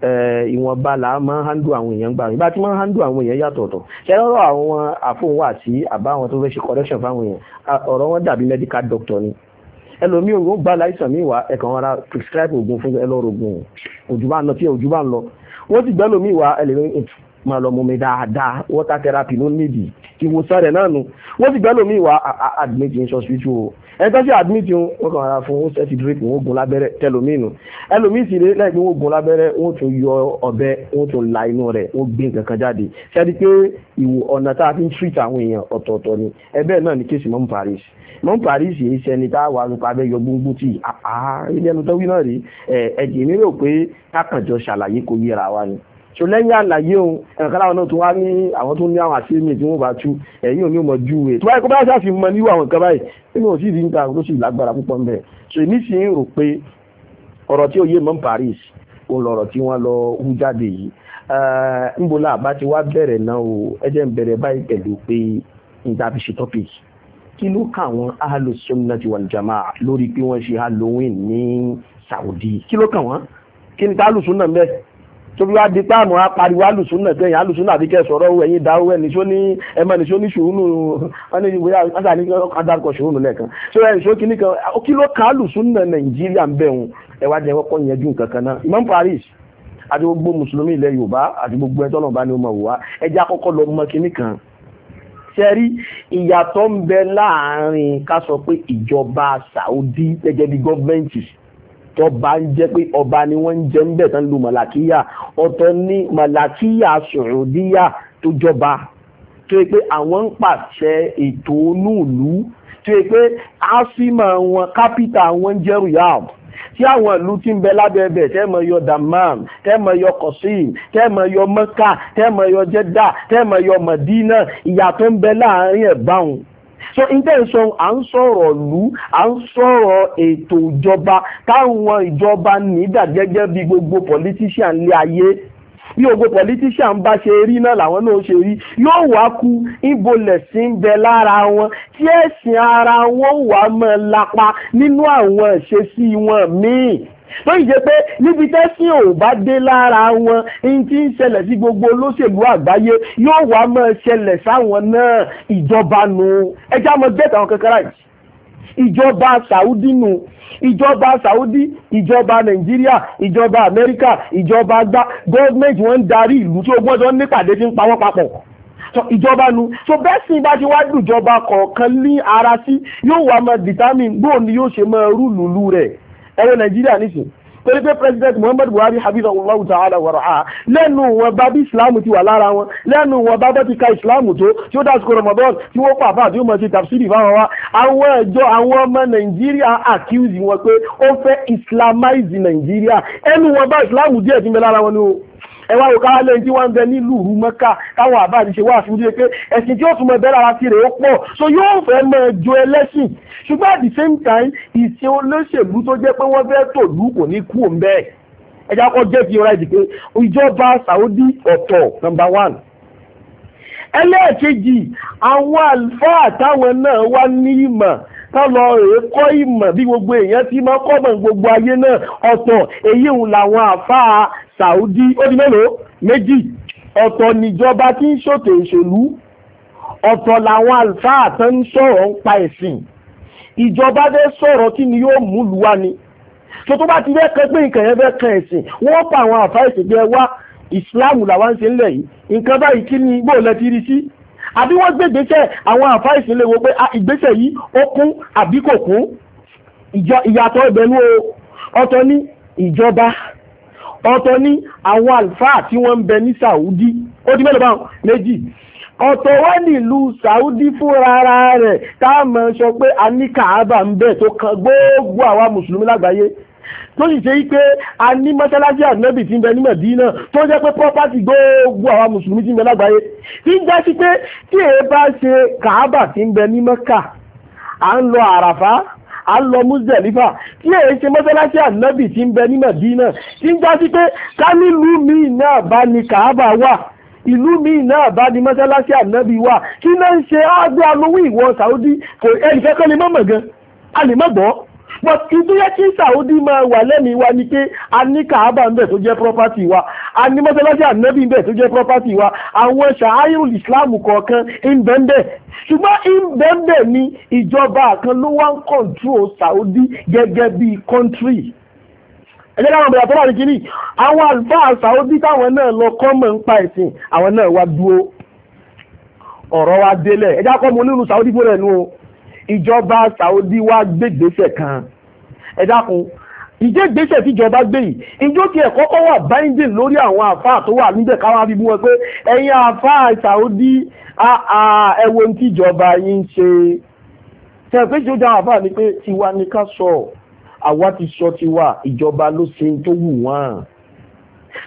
Eh, ìwọ̀nba là á máa ń handle àwọn èèyàn gbà mí bá ti máa ń handle àwọn èèyàn yàtọ̀ ọ̀tọ̀ ṣẹlọ́rọ̀ àwọn àfóhùnwà sí àbáwọn tó fẹ́ ṣe correction fáwọn èèyàn ọ̀rọ̀ wọn dàbí medical doctor ni ẹlòmí òun ó gba láìsàn mi wá ẹ̀kan ara prescribe oògùn fún ẹlọ́rọ̀ oògùn òjú bá ń lọ tí òjú bá ń lọ wọ́n ti gbẹ́ lómi wá ẹlòmí máa lọ mọ̀mí dáadáa water therapy ló níbi ìwòsàn rẹ̀ náà nu wọ́n ti gbẹ́ lómi wá admit in hospital ẹni tó admit yín wọ́n kàn ara fún wọn ṣe ti drip wọn gun lábẹ́rẹ́ tẹlomíìnù ẹlòmíì sì lẹ́yìn pé wọ́n gun lábẹ́rẹ́ wọ́n tún yọ ọ̀bẹ wọ́n tún la inú rẹ̀ wọ́n gbé nǹkan kan jáde ṣe é di pé ìwò ọ̀nà tá a fi ń treat àwọn èèyàn ọ̀tọ̀ọ̀tọ̀ ni ẹbẹ́ náà ni kéèsì mọ́mú Paris mọ́mú Paris yìí ṣẹni tá a wà nípa abẹ́ yọ gbóngbó tì àá ilé ẹnu tó wí náà rí ẹ̀ẹ́dì mi rò pé kákànjọ ṣàlàyé kò yẹra wa ni so lẹ́yìn àlàyé òun ẹ̀ka láwọn náà tó wá ní àwọn tó ní àwọn àṣírí mi tí wọ́n bá tú ẹ̀yìn òní mọ̀ ju ètò báyìí kó bá ṣáà fi mọ níwọ̀ àwọn nǹkan báyìí nínú òsì ìdí níta ló sì lágbára púpọ̀ ńbẹ̀ so èmi sì ń rò pé ọ̀rọ̀ tí òye mọ́ Paris òun lọ̀rọ̀ tí wọ́n lọ hú jáde yìí ńbọ̀lá àbá ti wá bẹ̀rẹ̀ náà o ẹ jẹ́ ń bẹ̀rẹ̀ báyìí pẹ̀lú pé Saudi kí ló kà wọ́n kí ni tóbi wá di páàmù apariwo alùsùnà kẹyìn alùsùnà àti kẹsọ̀rọ̀ owó ẹ̀yìn ìdáwó ẹni tí ó ní ẹmọ ẹni tí ó ní sùúrù wọn ní ìwé àti àní adarúkọ sùúrù lẹ́ẹ̀kan ṣé ẹni tí ó kí nìkan kí ló kan alùsùnà nàìjíríà ń bẹ̀ wọn ẹ wá jẹ kọ́kọ́ yanjú nǹkan kan náà Imam Paris àti gbogbo mùsùlùmí ilẹ̀ Yorùbá àti gbogbo ẹtọ́ náà bá ní ọmọ wà ẹjẹ́ àkọ́kọ́ lọ mọ kinní kan sẹ́rí Saudi gẹ́gẹ́ bí tọba ń jẹ́ pé ọba ni wọ́n ń jẹ́ ń bẹ̀ tán lu màlàkíyà ọ̀tọ̀ ni màlàkíyà sùrùdíyà tó jọba tó yẹ pé àwọn ń pàṣẹ ètò onúùlú tó yẹ pé ásímà wọn kápítà wọn ń jẹ́ Riyadh tí àwọn ìlú tí ń bẹ lábẹ́ẹ̀bẹ̀ tẹ́mọ̀ yọ Dammam tẹ́mọ̀ yọ Qasim tẹ́mọ̀ yọ Mẹ́kà tẹ́mọ̀ yọ Jeddah tẹ́mọ̀ yọ Madina ìyàtọ̀ ń bẹ láàrin ẹ̀ báwọn so intenso à ń sọ̀rọ̀ lú à ń sọ̀rọ̀ ètò ìjọba táwọn ìjọba nídà gẹ́gẹ́ bí gbogbo politician lé ayé bí gbogbo politician bá ṣe rí náà làwọn náà ṣe rí yóò wá ku ibo lẹ̀sìn bẹ lára wọn tí ẹ̀sìn ara wọn wà máa lapa nínú àwọn ìṣesí wọn míì tó ìjẹ́ pé níbi tẹ́sí ò bá dé lára wọn ní tí ń ṣẹlẹ̀ sí gbogbo olóṣèlú àgbáyé yóò wá máa ṣẹlẹ̀ sáwọn náà ìjọba nù ẹjẹ́ àmọ́ bẹ́ẹ̀tà àwọn kankan ráì ìjọba Saudi nù ìjọba Saudi ìjọba Nàìjíríà ìjọba Amẹ́ríkà ìjọba gbá gọ́ọ̀mẹ̀ntì wọn ń darí ìlú tí ogun ọjọ́ nípàdé ti ń pa wọ́n papọ̀ ìjọba nu so bẹ́ẹ̀ sì bá ti wá dùjọba kọ̀ọ̀kan ní ara sí yóò wá máa determine bóun ni yóò ṣe máa rúlùlù rẹ̀ ẹ̀wọ̀n nàìjíríà nìsín torí pé president muhammadu buhari habibu allahu ta'ala wa ra'a lẹ́nu wọn bá bí islam ti wà lára wọn lẹ́nu wọn bá bá ti ka islam tó tí ó dásìkò ramadan tí wọ́n pàfà àti wọ́n ti tafsiri fáwọn wa àwọn ẹjọ́ àwọn ọmọ nàìjíríà accuse wọn pé ó fẹ́ islamize nàìjíríà ẹnu wọn bá islam díẹ̀ ti ń bẹ lára wọn ni o ẹwà òkà wá lẹ́yìn tí wọ́n ń bẹ nílùú mọ́kà káwọn àbá ṣe wá fún díẹ̀ ẹ̀sìn tí ó tún mọ bẹ́ẹ̀ lára tirẹ̀ ó pọ̀ so yóò fẹ́ mọ jo ẹlẹ́sìn ṣùgbọ́n at the same time ìṣe olóṣèlú tó jẹ́ pé wọ́n fẹ́ tòlú kò ní kú òun bẹ́ẹ̀ ẹja kọ́ jẹ́ fi ọ̀rá ìdí pé ìjọba Saudi ọ̀tọ̀ number one ẹlẹ́ẹ̀kejì àwọn àlùfáà táwọn náà wá ní ìmọ̀ ká lọ rèé kọ́ ìmọ̀ bí gbogbo èèyàn ti máa kọ́ mọ̀ gbogbo ayé náà ọ̀tọ̀ èyí ń làwọn àfáà Saudi ó di mélòó méjì ọ̀tọ̀ níjọba tí ń ṣòtò òṣèlú ọ̀tọ̀ làwọn àlùfáà tó ń sọ̀rọ̀ ń pa ẹ̀sìn ìjọba fẹ́ sọ̀rọ̀ kí ni yóò mú lùwá ni tó tó bá ti fẹ́ kan pé nǹkan yẹn fẹ́ kan ẹ̀sìn wọ́n pa àwọn àfáà ìṣègbè wa ìsìláàmù làwọn ń ṣe ńlẹ̀ yìí nǹkan báyìí kí ni bóòlẹ́ àbí wọ́n gbé ìgbésẹ̀ àwọn àfáà ìsìn lè wo pé ah, ìgbésẹ̀ yìí ó kún àbí kò kún ìyàtọ̀ ìbẹ̀lú o ọ̀tọ̀ ní ìjọba ọ̀tọ̀ ní àwọn àlùfáà tí wọ́n ń bẹ ní Saudi ó ti mẹ́lẹ̀ báwọn méjì ọ̀tọ̀ wá nílùú Saudi fúnra ara rẹ̀ tá a máa sọ pé a ní kàábà ń bẹ tó kan gbogbo àwa mùsùlùmí lágbàáyé tó sì ṣe wípé a ní mọ́ṣáláṣí ànábì tí ń bẹ ní Mẹ̀dínà tó jẹ́ pé pọ́pátì gbogbo àwọn mùsùlùmí tí ń bẹ lágbàáyé tí ń já sí pé tí èé bá ṣe kàábà tí ń bẹ ní Mẹ́kà à ń lọ àràfá à ń lọ Muzdalifa tí èyí ṣe mọ́sálásí ànábì tí ń bẹ ní Mẹ̀dínà tí ń jásí pé ká nílùú míì náà bá ní Kàábà wà ìlú míì náà bá ní mọ́sálásí ànábì wà kí náà ń ṣe ágbé alówó ìwọ Saudi kò ẹnìkẹ́kọ́ lè mọ̀ mọ̀ gan a lè mọ̀ gbọ́ but ìdúyẹ́ kí sàúdí máa wà lẹ́mìí wa ni pé a ní kàábà ń bẹ̀ tó jẹ́ property wa a ní mọ́sálásí ànábì ń bẹ̀ tó jẹ́ property wa àwọn ṣàáyùl islam kọ̀ọ̀kan ń bẹ̀ ń ṣùgbọ́n ń ìjọba kan ló wá ń control sàúdí gẹ́gẹ́ bí country ẹjẹ́ wà ní lọ ń pa ẹ̀sìn àwọn náà wá dúró wa délẹ̀ ẹjẹ́ ìjọba Saudi wá gbégbésẹ̀ kan ẹ dákun ìjẹ́ ìgbésẹ̀ tíjọba gbé yìí ìjọ tí ẹ̀ kọ́kọ́ wà binding lórí àwọn àfáà tó wà níbẹ̀ káwá fi mú ẹ pé ẹ̀yin àfáà Saudi ẹwọ ohun tíjọba yìí ń ṣe tẹ̀pẹ́ tí ó dá àfáà ni pé tiwa ni ká sọ àwa ti sọ tiwa ìjọba ló ṣe tó wù wọ́n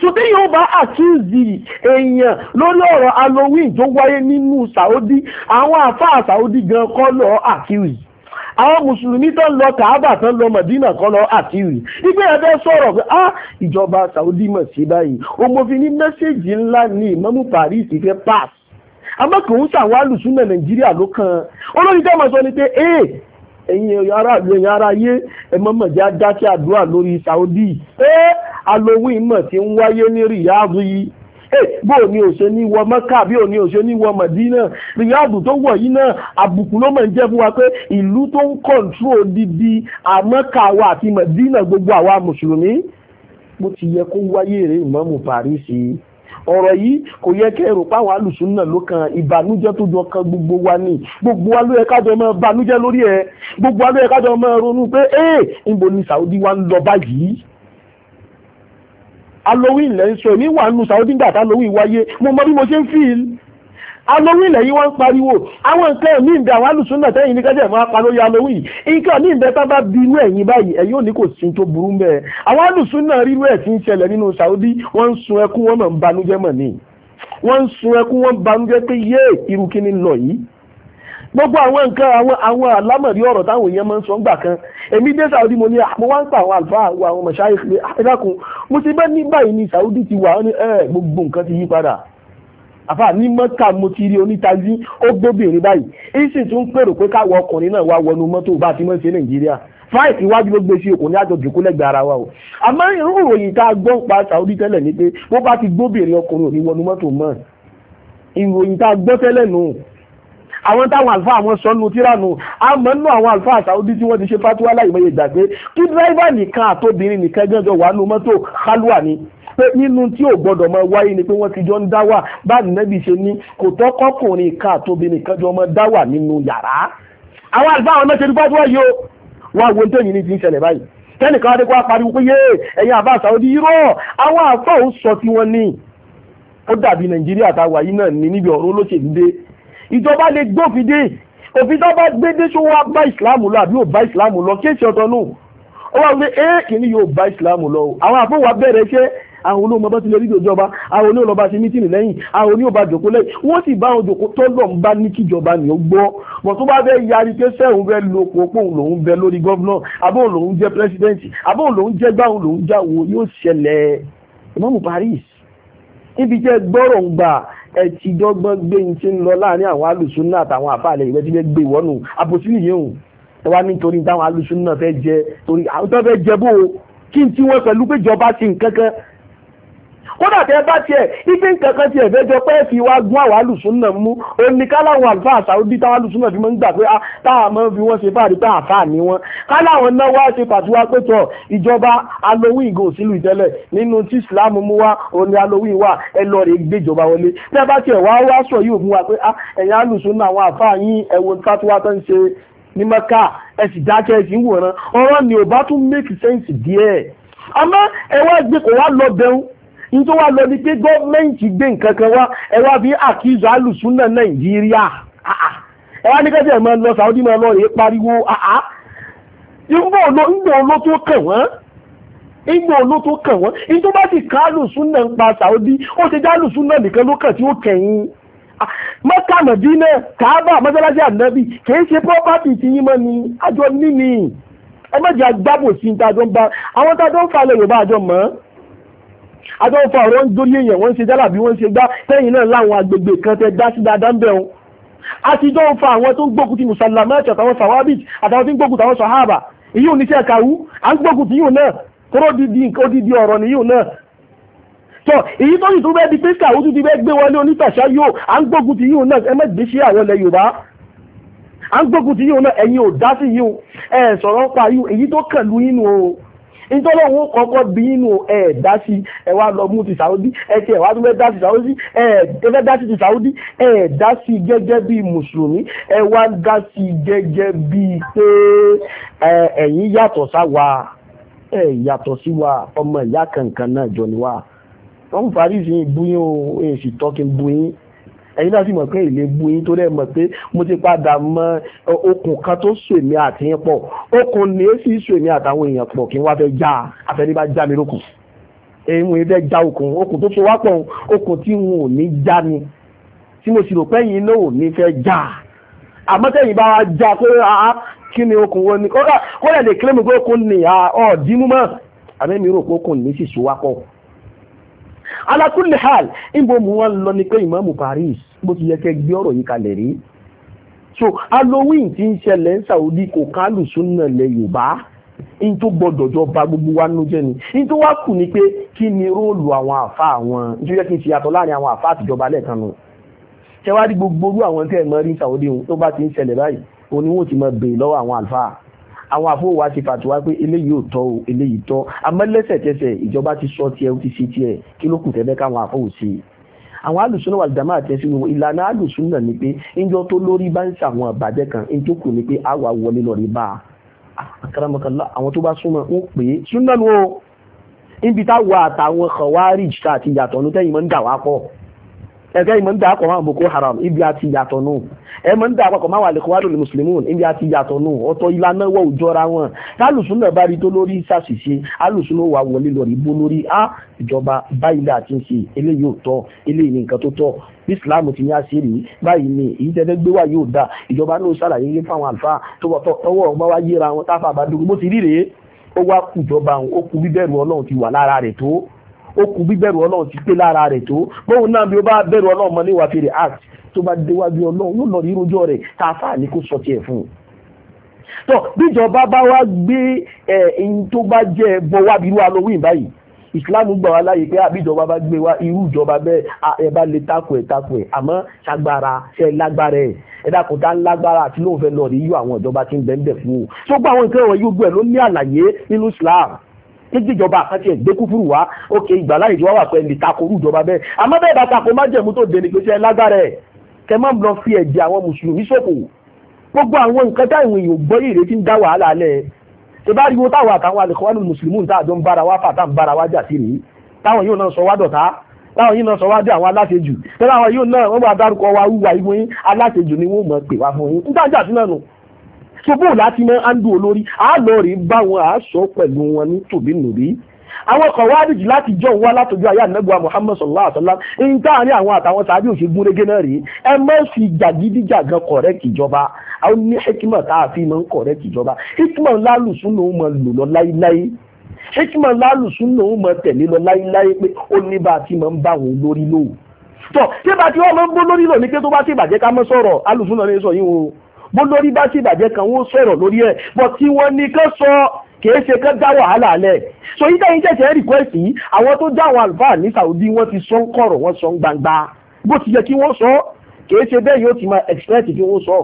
so téèyàn bá àtúnzì èèyàn lórí ọ̀rọ̀ halloween tó wáyé nínú saudi àwọn àfáà saudi gan kọ́ lọ àkíwì àwọn mùsùlùmí tó ń lọ kàábà tó ń lọ mọ̀dínà kan lọ àkíwì ìgbé ẹgbẹ́ sọ̀rọ̀ pé á ah, ìjọba saudi mọ̀ sí báyìí òmòfin ní mẹ́sẹ̀gì ńlá ní ìmámù paris fẹ́ pass àmọ́ kò ń ṣàwọn alùsùnà nàìjíríà ló kan olórí tẹ́mọ̀ sọ ni pé ee eh, ẹ̀yin aráàlú ẹ̀yin aráyé ẹ̀mọ́mọ̀ jẹ́ adáṣẹ́ àdúrà lórí Saudi ẹ́ Halloween mọ̀ tí ń wáyé ní Riyadh yìí bó o ní òṣè ní wọ Mẹ́kà bí o ní òṣè ní wọ Mẹ̀dínà Riyadh tó wọ̀ yìí náà àbùkù ló mọ̀ ń jẹ́ fún wa pé ìlú tó ń kọ̀ǹtró dídí àmọ́kà wa àti Mẹ̀dínà gbogbo àwa mùsùlùmí bó ti yẹ kó wáyé rèé ìmọ̀mù Paris yìí ọ̀rọ̀ yìí kò yẹ kẹ́ rò páwọn alùsùn náà ló kan ìbànújẹ́ tó jọ kan gbogbo wa ni gbogbo wa ló yẹ kájọ máa bànújẹ́ lórí ẹ̀ gbogbo wa ló yẹ kájọ máa ronú pé ee níbo ni Saudi wa ń lọ báyìí Halloween lẹ́ ń sọ èmi wà Saudi gbà tá Halloween wáyé mo mọ bí mo ṣe ń feel Halloween lẹ́yìn wọ́n ń pariwo àwọn nǹkan ẹ̀mí ìbẹ̀ àwọn alùsùnà tẹ́yìn ní kájẹ̀ máa pa lórí Halloween nǹkan ní ìbẹ̀ tá bá bi inú ẹ̀yìn báyìí ẹ̀yìn ò ní kò sí tó burú mẹ́ àwọn alùsùnà rírú ẹ̀ ti ń ṣẹlẹ̀ nínú Saudi wọ́n ń sun ẹkún wọ́n mọ̀ ń banújẹ́ mọ̀ ní wọ́n ń sun ẹkún wọ́n banújẹ́ pé yé irú kí ni lọ yìí gbogbo àwọn nǹkan àwọn àwọn àlámọ̀rí ọ̀rọ̀ táwọn èèyàn máa ń sọ ń gbà kan èmi dé Saudi mo ní ah, mo wá ń pa àwọn àlùfáà àwọn mọ̀ṣáyé pé ah, ẹ̀dákun mo ti bẹ́ẹ̀ ní báyìí ní Saudi ti wà ní ẹ̀ eh, gbogbo nǹkan ti yí padà àfà ní mọ́kà mo ti rí onítají ó gbóbìnrin báyìí ìsìn tún pèrò pé káwọ ọkùnrin náà wá wọnú mọ́tò bá ti mọ́ ṣe nàìjíríà fáìtì iwájú ló gbé sí òkùn ní àjọ jòkó lẹ́gbẹ̀ẹ́ ara wa o àmọ́ irú ìròyìn tá a gbọ́ pa Saudi tẹ́lẹ̀ ni pé bó bá ti gbóbìnrin ọkùnrin ò ní wọnú mọ́tò mọ́ ìròyìn tá a gbọ́ tẹ́lẹ̀ nù àwọn táwọn àlùfáà àwọn sọnù tíránù àmọ́ nínú àwọn àlùfáà Saudi tí wọ́n ti ṣe fatiwa láìmọye ìgbà pé kí dírẹ́fà nìkan àtòbìnrin nìkan jọjọ wà nù mọ́tò kálúà ni pé nínú tí ò gbọdọ̀ máa wáyé ni pé wọ́n ti jọ ń dá wà báyìí nẹ́bí ṣe ní kò tọ́kọ́kùnrin kan àtòbìnrin kan jọ máa dá wà nínú yàrá àwọn àlùfáà àwọn mẹ́tẹ̀ẹ́ni fatiwa yìí ó wá wo ní tẹ́yìn ní ti ń ṣẹlẹ̀ báyìí tẹ́nìkan adé kó wá pariwo pé yé ẹ̀yin àbá Saudi irọ́ àwọn àfọ̀ ò sọ tí wọ́n ní ó dàbí Nàìjíríà táwa yìí náà ní níbi ọ̀rọ̀ olóṣèlú dé ìjọba lè gbófin dé òfin tó bá gbé dé ṣó wá bá ìsìláàmù lọ àbí ò bá ìsìláàmù lọ kí èsì ọ̀tọ̀ nù ó wá wípé ee kìíní yóò bá ìsìláàmù lọ o àwọn àfọwà bẹ̀rẹ̀ iṣẹ́ àwọn olóòmọ bá ti lè rí ìjọba àwọn olóòmọ bá ti mítìnì lẹ́yìn àwọn oníwọ̀ba jòkó lẹ́yìn wọ́n sì bá àwọn jòkó tó lọ ń bá ní kíjọba ni ó gbọ́ bọ̀ tó bá fẹ́ yarí pé sẹ́hùn fẹ́ lo pòpò lòun bẹ lórí gọ́vnà àbọ̀ lòun jẹ́ pírẹsidẹ́ǹtì àbọ̀ lòun jẹ́ gbáhùn lòun jáwo yóò ṣẹlẹ̀ ìmọ̀mù Paris ibi jẹ́ gbọ́rọ̀ ń gbà ẹ ti dọ́gbọ́n gbé ní ti ń lọ láàrin àwọn alùsùn náà àtàwọn àfàlẹ̀ ìwé ti fẹ́ gbé ìwọ́nù àbòsí nìyẹn o ẹ wá nítorí táwọn alùsùn náà fẹ́ jẹ torí àwọn tó fẹ́ jẹ bó kí n ti wọ́n pẹ̀lú péjọba sí nǹkan kan kódà tẹ́ bá tiẹ̀ ibi nǹkan kan tiẹ̀ fẹ́ jọ pé fi wá gún àwọn alùsùnà mú òní káláwọn àlùfáà Saudi táwọn alùsùnà fi máa ń gbà pé ah, táwọn máa ń fi wọ́n ṣe fáàrí pé àfáà ni wọ́n káláwọn náà wá ṣe pàtiwá pé tọ̀ ìjọba halloween gò sílùú ìtẹ́lẹ̀ nínú tí Islam mú wá òní halloween wà ẹ lọ rè gbéjọba wọlé tẹ́ bá tiẹ̀ wá wá sọ yìí òfin wa pé ah, ẹ̀yin alùsùnà àwọn àfáà yín ẹ̀wọ̀n tátiwá tó ń make sense díẹ̀ àmọ́ ẹ wá gbé kò wá lọ bẹ̀rù nítorí wà lọ ni pé gọ́ọ̀mẹ̀ntì gbé nǹkan kan wá ẹ wá fi àkíyèsí alùsùnà nàìjíríà ẹ ní kẹ́sì ẹ̀ ọ lọ sàwọ́dí máa lọ rèé pariwo ìgbò ló tó kàn wọ́n ìgbò kàn wọ́n bá sì ká ń pa sàwọ́dí ó ti dá alùsùnà nìkan ló kàn tí ó kẹ̀yìn mọ́kà mọ̀dínà kàábà mọ́sálásí ànábì kì ṣe pọ́pátì tí yín mọ́ ni àjọ níní agbábòsí ní ń bá àwọn ń yorùbá àjọ adọ́fà wọ́n ń dórí èèyàn wọ́n ń ṣe jálàbí wọ́n ń ṣe gbá tẹ́yìn náà láwọn agbègbè kan tẹ dá sí dáadáa ń bẹ̀ wọn àtijọ́ ń àwọn tó ń gbógun ti mùsàlámà ẹ̀tọ́ àtàwọn sàwábìt àtàwọn tí ń gbógun tàwọn sàhábà èyí ò ní sí ẹ̀kàwú à ń gbógun ti yìí náà kóró dídí nǹkan odidi ọ̀rọ̀ nìyí náà tọ èyí tó sì tún bẹ́ẹ̀ di pé kàwú tún ti bẹ́ẹ̀ gbé wọlé onítàṣà yóò à ń gbógun ti yìí náà ẹ má gbé ṣe àwọn ilẹ̀ Yorùbá à ń gbógun ti yìí náà ẹ̀yin ò dá sí yìí ẹ̀ sọ̀rọ̀ pa yìí èyí tó kàn lu yín o nítorí òun kọ́kọ́ bí inú ẹ̀ dá sí ẹ wá lọ mú ti Saudi ẹ ti ẹ̀ wá fẹ́ dá sí Saudi ẹ̀ fẹ́ dá sí ti Saudi ẹ̀ dá sí gẹ́gẹ́ bí mùsùlùmí ẹ wá dá sí gẹ́gẹ́ bí pé ẹ̀yin yàtọ̀ sáwa ẹ̀ yàtọ̀ sí wa ọmọ ìyá kankan náà jọ ni wa wọ́n parí sí ìbúyín o èsì tọ́kí búyín ẹ̀yin náà sì mọ̀ pé ìlé bu yín tó dẹ̀ mọ̀ pé mo ti padà mọ okùn kan tó so èmi àti yín pọ̀ okùn ni ó sì so èmi àtàwọn èèyàn pọ̀ kí wọ́n fẹ́ já àfẹ́ni bá já mi lókun èmi ìfẹ́ já okùn okùn tó so wá pọ̀ okùn tí n ò ní já ni tí mo sì rò pé yín náà ò ní fẹ́ já àmọ́ tẹ̀yìn bá wa já pé kí ni okùn wo ni kódà lè kílẹ̀ mi pé okùn ni ọ̀ọ́dínmú mọ́ àmì mi rò pé okùn ní sì so wá pọ̀ ala kulli hal ìbò mú wọn lọ ní pé ìmáàmù Paris bó ti yẹ kẹ́ gbé ọ̀rọ̀ yìí kalẹ̀ rí so halloween ti ń ṣẹlẹ̀ ní saudi kò kálù súnà lẹ yorùbá in tó gbọdọ̀ jọ ba gbogbo wa nínú jẹ́ ni in tó wá kù ni pé kí ni róòlù àwọn àfa àwọn tó yẹ kí n ṣe yàtọ̀ láàrin àwọn àfa àtijọba lẹ́ẹ̀kan nù ṣẹwádìí gbogbo orú àwọn tẹ́ ẹ̀ mọ́ rí saudi tó bá ti ń ṣẹlẹ̀ báyìí òun ni wọ́n ti máa bèè lọ́wọ́ àwọn àlùfáà àwọn àfọwà ti fàtiwá pé eléyìí ò tọ́ o eléyìí tọ́ amẹ́lẹ́sẹ̀kẹsẹ̀ ìjọba ti sọ tiẹ̀ ó ti ṣe tiẹ̀ kí ló kù tẹ́lẹ̀ káwọn àfọwò sí i àwọn alùsùn náà wà dàmà àtẹ́sí wíwọ ìlànà alùsùn náà ni pé ìjọ tó lórí bá ń ṣàwọn àbàjẹ́ kan ìjọ kù ni pé àwa wọlé lọ rí bá a àkàràmọ̀kànlá ah, àwọn tó bá súnmọ́ ń pè é súnmọ́ nu o níbi táwọn àtàwọn kọ̀wárì jìtà àti ìyàtọ̀ ọ̀nù tẹ́yìn mọ́ ń dà wá pọ̀ ẹ̀kẹ́ ìmọ̀ ń dà kọ̀ máa Boko Haram ibi àti ìyàtọ̀ nù ẹ mọ̀ ń dà kọ̀ máa wà lẹ́kọ̀ọ́ wà lórí mùsùlùmí ibi àti ìyàtọ̀ nù ọ̀tọ̀ ìlànà wọ̀ òjọra wọn lálùsùn náà bá rí tó lórí ṣàṣìṣe alùsùn náà wà wọlé lọ rí bó lórí á ìjọba báyìí là ti ń ṣe eléyìí ò tọ́ eléyìí ní nǹkan tó tọ́ islam ti ní àṣírí báyìí ni èyí tẹ́tẹ́ gbé wá yóò dà ìjọba náà ṣàlàyé ó kù bíbẹ̀rù ọlọ́run ti pé lára rẹ̀ tó bóun náà bí ó bá bẹ̀rù ọlọ́run mọ níwà fèrè act tó bá déwájú ọlọ́run yóò lọ rí irújọ́ rẹ̀ tá a fà ní kó sọ tiẹ̀ fún un. tọ́ bíjọba bá wá gbé ẹ̀ ẹ̀yin tó bá jẹ́ bọ́ wá bí irú halloween báyìí ìsìláàmù gbà wá láyé pé àbíjọba bá gbé wá irú ìjọba bẹ́ẹ̀ ẹ bá lè takò ẹ̀ takò ẹ̀ àmọ́ ṣàgbára ṣe lágbára ẹ dákun tá àti lóun fẹ́ lọ rí yú àwọn ìjọba tí ń bẹ́ẹ̀ bẹ́ẹ̀ fún o. tó gbọ́ àwọn nǹkan wọ̀nyí gbogbo ẹ̀ ló ní àlàyé nínú islam kéjì ìjọba àkántì ẹ̀gbẹ́ kúfúrú wá ókè ìgbàláyè tí wọ́n wà pẹ̀lú ìtakorú ìjọba bẹ́ẹ̀ àmọ́ bẹ́ẹ̀ bá takò májẹ̀mú tó dẹni pé ṣe lágbára ẹ̀ kẹ má lọ fi ẹ̀jẹ̀ àwọn mùsùlùmí ṣòfò gbogbo àwọn nǹkan táwọn èèyàn gbọ́ yìí retí ń dá wàhálà lẹ̀ ṣe bá riwo táwọn àtàwọn alẹ́kọ̀ọ́nù mùsùlùmí tá àjọ ń bára wá fà tá ń bára wá jà sí rèé táwọn yóò náà sọ wá dọ̀tá táwọn yìí náà sọ wá dé àwọn aláṣejù tẹ́lẹ̀ àwọn yóò náà wọ́n bá dárúkọ wa wúwa ìwé aláṣejù ni wọ́n mọ̀ pè wá fún yín ń tàjà sí náà nù ṣubú láti mọ andu olórí àlọ́ rí bá wọn àṣọ pẹ̀lú wọn ní tòbí nùrí àwọn kan wá dìjì láti jọ wá látọjú ayé ànágbà Muhammad sallallahu alaihi wasallam ń tá àárín àwọn àtàwọn sàábì òṣègùn rege náà rèé ẹ má fi jàgídíjàgan kọ̀rẹ́ kìjọba àwọn ní hekima tá a fi máa ń kọ̀rẹ́ kìjọba hekima ńlá lùsùn lòún máa lò lọ láíláí hekima ńlá lùsùn lòún máa tẹ̀lé lọ láíláí pé ó ní bá a ti máa ń bá àwọn olórí lò tọ́ tí bá ti wọ́n máa ń bó lórí lò ní pé tó bá ti bàjẹ́ ká mọ́ sọ̀rọ̀ alùsùn náà ní sọ yín o bó lórí bá sì bàjẹ́ kan wọ́n sọ̀rọ̀ lórí ẹ̀ bọ̀ tí wọ́n ní kán sọ kìí ṣe kán dá wàhálà lẹ̀ so yíká yín jẹ́sẹ̀ request yìí àwọn tó dá àwọn àlùfáà ní Saudi wọ́n ti sọ ń kọ̀rọ̀ wọ́n sọ ń gbangba bó ti yẹ kí wọ́n sọ kìí ṣe bẹ́ẹ̀ yóò ti máa expect kí wọ́n sọ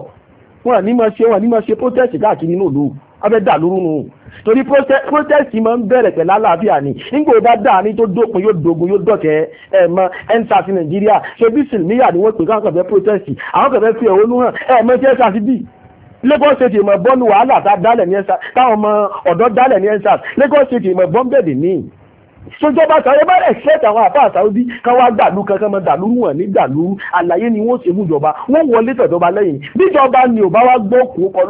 wọn ní máa ṣe wọn ní máa ṣe protest káàkiri náà lóhùn abẹ́ dà lóru nù torí protest máa ń bẹ̀rẹ̀ pẹ̀lú àlàáfíà ni nígbà ó bá dà ní tó dópin yóò dogun yóò dọ̀kẹ́ ẹ̀ mọ ẹ̀ńtà sí nàìjíríà ṣé bí sìlmíyà ni wọ́n pè káwọn kẹfẹ́ protest àwọn kẹfẹ́ fi ẹ̀hónú hàn ẹ̀ mọ ṣe ẹ̀ṣà sí bí Lagos State ìmọ̀ bọ́ọ̀lù wàhálà táwọn ọmọ ọ̀dọ́ dálẹ̀ ní ẹ̀ṣà Lagos State ìmọ̀ bọ́m̀bẹ̀dì ní sojọba sáré bá ẹ̀ṣẹ́ẹ̀tì àwọn àbá àsáwọ́dí kan wá dàlú kankan mọ dàlú wọn ní dàlú àlàyé ni wọ́n ṣe fún ìjọba wọ́n wọlé tẹ̀jọba lẹ́yìn bíjọba ni ò bá wá gbọ́ kó kọ